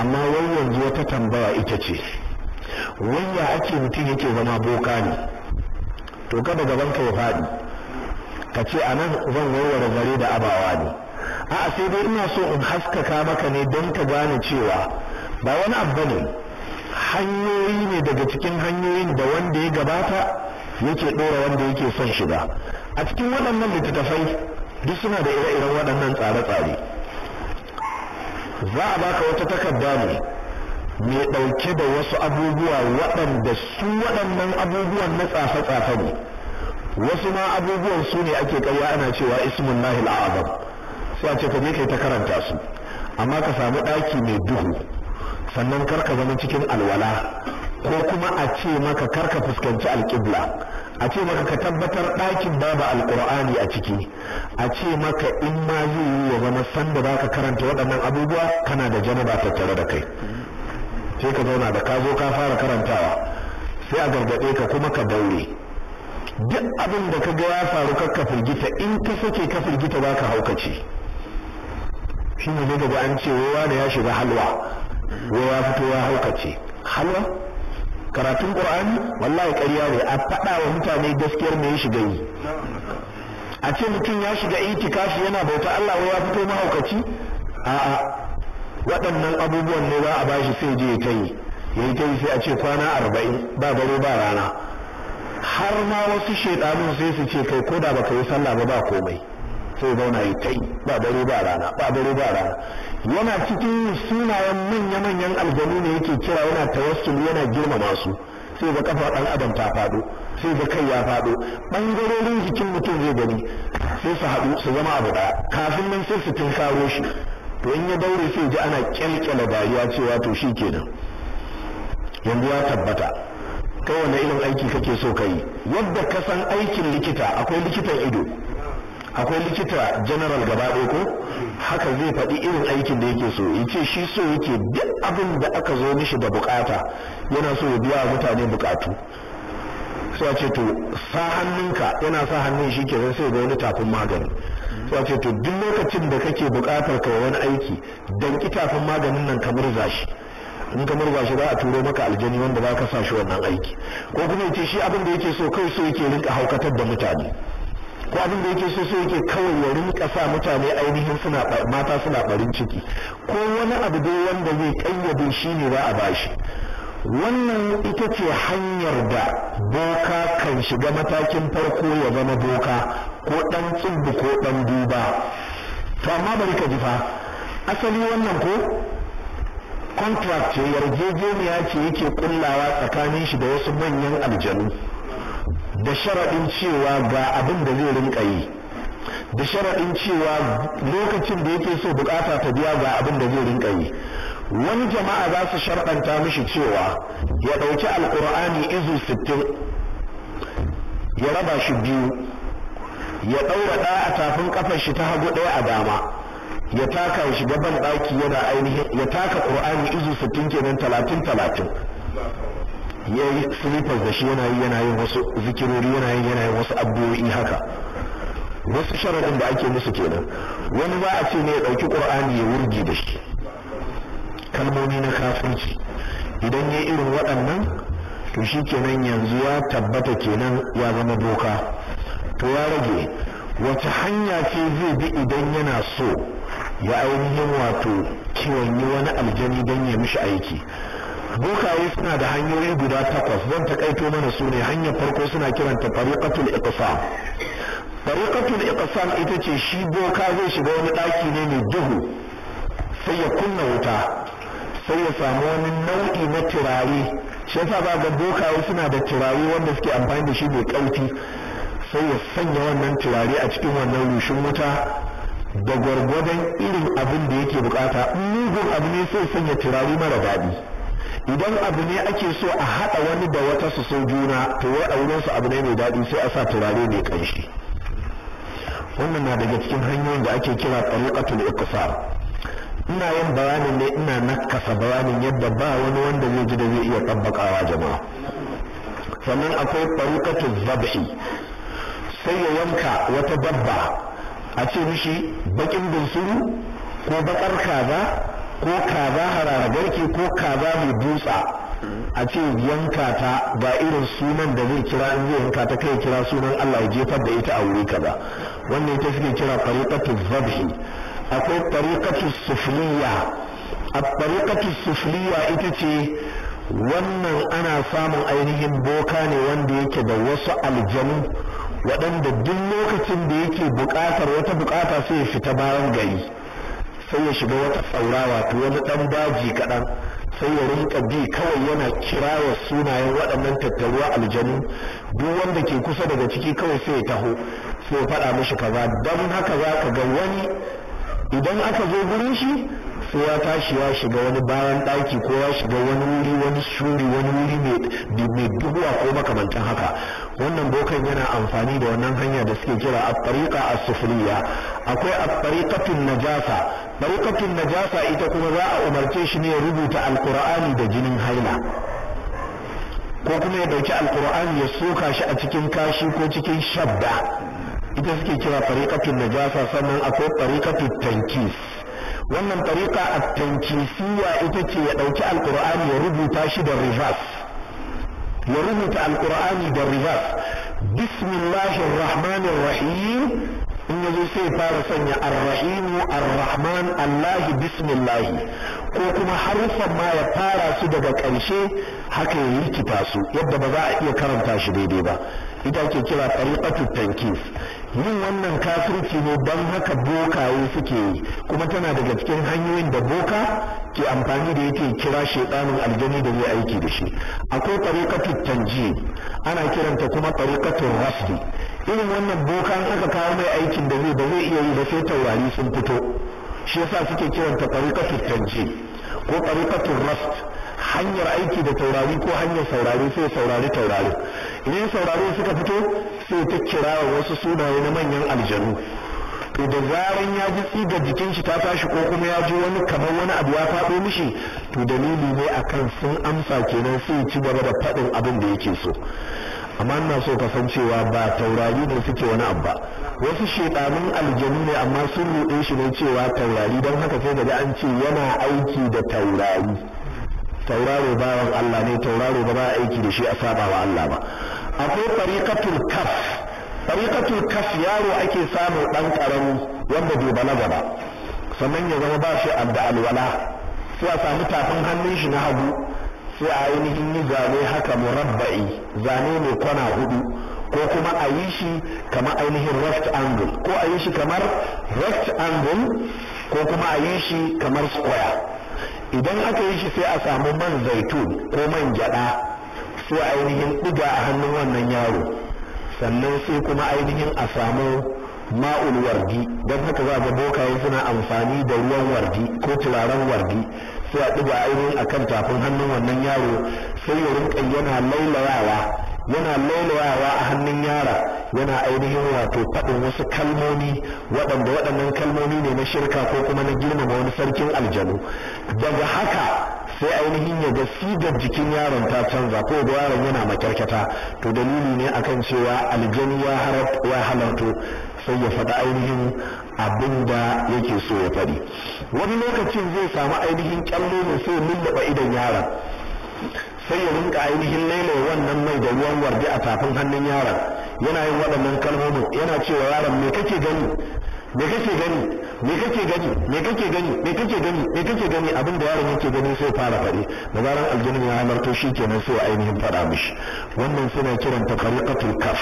amma wai yanzu wata tambaya ita ce wanda ake mutum yake zama boka ne to kada gaban ka ya faɗi ka ce a nan zan warware zare da abawa ne a'a sai dai ina so in haskaka maka ne don ka gane cewa ba wani abu ne hanyoyi ne daga cikin hanyoyin da wanda ya gabata yake ɗora wanda yake son shiga a cikin waɗannan littattafai duk suna da ire-iren waɗannan tsare-tsare za a baka wata takarda ne mai ɗauke da wasu abubuwa waɗanda su waɗannan abubuwan na tsafe-tsafe ne wasu ma abubuwan su ne ake karya ana cewa ismun lahil azam sai a ce ka je kai ta karanta su amma ka samu ɗaki mai duhu sannan kar ka zama cikin alwala ko kuma a ce maka kar ka fuskanci alƙibla a ce maka ka tabbatar ɗakin babu Alƙur'ani a ciki a ce maka in ma zai yi ya zama sanda ba ka karanta waɗannan abubuwa kana da janaba tattare da kai sai ka zauna da ka zo ka fara karantawa sai a gargaɗe ka kuma ka daure duk abin da ka ga ya faru ka firgita in ka sake ka firgita ba ka haukace shi ne daga an ce wawa da ya shiga halwa wa ya fito ya haukace halwa karatun ƙur'ani wallahi ƙarya ne a faɗa wa mutane gaskiyar me ya shiga yi a ce mutum ya shiga itikafi yana bauta Allah wai ya fito mahaukaci a'a waɗannan abubuwan ne za a ba shi sai je ya yi ya yi ta yi sai a ce kwana arba'in ba ba rana har ma wasu shaidanun sai su ce kai koda baka yi sallah ba ba komai sai zauna yi ta yi ba dare ba rana ba ba rana yana cikin sunayen manya-manyan aljanu ne yake kira yana tawassul yana girmama su sai ga kafa ɗan adam ta faɗo sai ga kai ya faɗo ɓangarorin jikin mutum zai gani sai su haɗu su zama abu ɗaya kafin nan sai su tinkaro shi to in ya daure sai ji ana kyalkyala dariya cewa to shi kenan yanzu ya tabbata kai wani irin aiki kake so ka yi yadda ka san aikin likita akwai likitan ido akwai likita general gaba ɗaya ko haka zai faɗi irin aikin da yake so yace shi so yake duk abin da aka zo mishi da bukata yana so ya biya mutane bukatu sai ce to sa hannunka yana sa hannun shi kenan sai ga wani tafin magani sai ce to duk lokacin da kake bukatar ka wani aiki dan tafin maganin nan kamar zashi in ka murza shi za a turo maka aljani wanda za ka sa shi wannan aiki ko kuma yace shi abin da yake so kai so yake rinka haukatar da mutane ko abin da yake so so yake kawai ya rinka sa mutane ainihin suna mata suna barin ciki ko wani abu dai wanda zai kayyade shi ne za a bashi wannan ita ce hanyar da boka kan shiga matakin farko ya zama boka ko dan tsubu ko dan duba to amma bari ka ji fa asali wannan ko contract ce yarjejeniya ce yake kullawa tsakanin shi da wasu manyan aljanu da sharaɗin cewa ga abin da zai rinka yi da sharaɗin cewa lokacin da yake so bukata ta biya ga abin da zai rinka yi wani jama'a za su sharɗanta mishi cewa ya ɗauki alƙur'ani izu sittin ya raba shi biyu ya ɗaura ɗa a tafin ƙafar shi ta hagu ɗaya a dama ya taka shi shiga banɗaki ɗaki yana ainihin ya taka ƙur'ani izu sittin kenan talatin talatin ya yi da shi yana yi yana yin wasu zikirori yana yin yana yin wasu abubuwa haka wasu sharadin da ake musu kenan wani za a ce ne ya ɗauki ƙur'ani ya wurge da shi kalmomi na kafirci idan ya irin waɗannan to shi kenan yanzu ya tabbata kenan ya zama doka to ya rage wata hanya ce zai bi idan yana so ya ainihin wato kiwon wani aljani don ya mishi aiki bokaye suna da hanyoyi guda takwas zan takaito mana su ne hanyar farko suna kiranta fariqatul iqsam fariqatul iqsam ita ce shi boka zai shiga wani daki ne mai duhu sai ya kunna wuta sai ya samu wani nau'i na turare shi yasa ba ga bokaye suna da turare wanda suke amfani da shi mai kauti sai ya sanya wannan turare a cikin wannan rushin wuta da gwargwadon irin abin da yake bukata mugun abu ne sai sanya turare mara daɗi idan abu ne ake so a haɗa wani da wata su so juna to wai a wurinsu abu ne mai daɗi sai a sa turare mai ƙanshi wannan na daga cikin hanyoyin da ake kira tariqatul iqsar ina yin bayanin ne ina nakasa bayanin yadda ba wani wanda zai ji da zai iya tabbakawa jama'a sannan akwai tariqatul zabhi sai ya yanka wata dabba a ce mishi bakin bunsuru ko baƙar kaza ko kaza harara garke ko kaza mai dutsa a ce yanka ta ba irin sunan da zai kira in zai yanka ta kai kira sunan Allah ya jefar da ita a wuri kaza wannan ita suke kira tariqatu zabhi akwai tariqatu sufliya a tariqatu sufliya ita ce wannan ana samun ainihin boka ne wanda yake da wasu aljanu waɗanda duk lokacin da yake buƙatar wata buƙata sai ya fita bayan gari sai ya shiga wata tsaura wato wani ɗan daji kaɗan sai ya rinka bi kawai yana kirawa sunayen waɗannan tattaruwa aljanu duk wanda ke kusa daga ciki kawai sai ya taho sai ya faɗa mishi kaza don haka za ka ga wani idan aka zo gurin shi sai ya tashi ya shiga wani bayan ɗaki ko ya shiga wani wuri wani shuri wani wuri mai duhuwa ko makamantan haka wannan bokan yana amfani da wannan hanya da suke kira a tariqa a sufuriya akwai a najasa tariqatun najasa ita kuma za a umarce shi ne ya rubuta Alƙur'ani da jinin haila ko kuma ya dauki Alƙur'ani ya soka shi a cikin kashi ko cikin shabda ita suke kira tariqatun najasa sannan akwai tariqatut tankis wannan tariqa at-tankifiyya ita ce ya dauki alqur'ani ya rubuta shi da reverse ya rubuta alqur'ani da reverse bismillahir rahmanir rahim in yazo sai fara sanya arrahimu rahimu ar-rahman ko kuma harufan ma ya fara su daga ƙarshe haka ya likita su yadda ba za a iya karanta shi daidai ba ita ke kira tariqatu tankif yin wannan kafirci ne don haka bokaye suke yi kuma tana daga cikin hanyoyin da boka ke amfani da yake kira shaidanin aljani da zai aiki da shi akwai tariqatul tanji ana kiranta kuma tariqatul rasdi. irin wannan boka an aka kawo mai aikin da zai ba zai iya yi ba sai taurari sun fito shi yasa suke kiranta tariqatul tanji ko tariqatul rasdi. hanyar aiki da taurari ko hanyar saurari sai saurari taurari idan saurari suka fito sai ta kira wasu sunaye na manyan aljanu to da zaran ya ji tsigar jikin shi ta tashi ko kuma ya ji wani kamar wani abu ya faɗo mishi to dalili ne akan sun amsa kenan sai ci gaba da faɗin abin da yake so amma ina so ka san cewa ba taurari ne suke wani abu ba wasu shekarun aljanu ne amma sun ruɗe shi ne cewa taurari don haka sai daga an ce yana aiki da taurari tauraro bawan Allah ne tauraro ba aiki da shi a saba wa Allah ba akwai tariqatul kaf tariqatul kaf yaro ake samu dan karami wanda bai balaga ba sannan ya zama ba shi da alwala sai a samu tafin hannun shi na hagu sai a ainihin yi zane haka murabba'i zane mai kwana hudu ko kuma a yi shi kamar ainihin left angle ko a yi shi kamar left angle ko kuma a yi shi kamar square idan aka yi shi sai a samu man zaitun ko man gyada su ainihin ɗiga a hannun wannan yaro sannan sai kuma ainihin a samu ma'ul wardi don haka za ga bokaye suna amfani da ruwan wardi ko turaren wardi sai a ɗiga ainihin akan tafin hannun wannan yaro sai ya yana laulayawa yana lolowa a hannun yara yana ainihin wato faɗin wasu kalmomi waɗanda waɗannan kalmomi ne na shirka ko kuma na girmama wani sarkin aljanu daga haka sai ainihin ya ga sigar jikin yaron ta canza ko da yaron yana makyarkyata to dalili ne akan cewa aljanu ya halarto sai ya faɗa ainihin abin da yake so ya faɗi wani lokacin zai samu ainihin kyallo ne sai lullaba idon yaron sai ya rinka ainihin lailaye wannan mai da ruwan wardi a tafin hannun yaron yana yin waɗannan kalmomin yana cewa yaron me kake gani me kake gani me kake gani me kake gani me kake gani me kake gani abin da yaron yake gani sai fara fare da zaran aljinin ya halarto shi kenan sai ainihin fada mishi wannan suna kiranta tariqatul kaf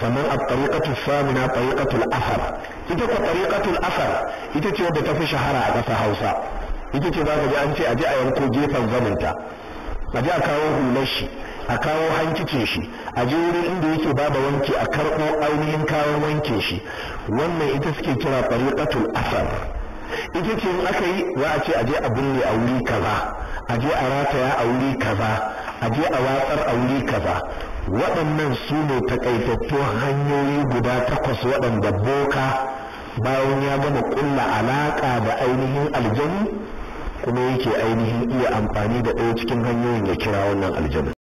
sannan a tariqatul samina tariqatul asar ita ko tariqatul asar ita ce wadda ta fi shahara a ƙasar Hausa ita ce za ka ji an ce a je a yanko gefen zamunta a ji a kawo hular shi a kawo hankicin shi a je wurin inda yake baba wanke a karɓo ainihin kawo wanke shi wannan ita suke kira fariqatul asar ita ce in aka yi za a ce a je a binne a wuri kaza a je a rataya a wuri kaza a je a watsar a wuri kaza waɗannan su ne takaitattun hanyoyi guda takwas waɗanda boka bayan ya gama ƙulla alaƙa da ainihin aljanu kuma yake ainihin iya amfani da ɗaya cikin hanyoyin ya kira wannan aljanna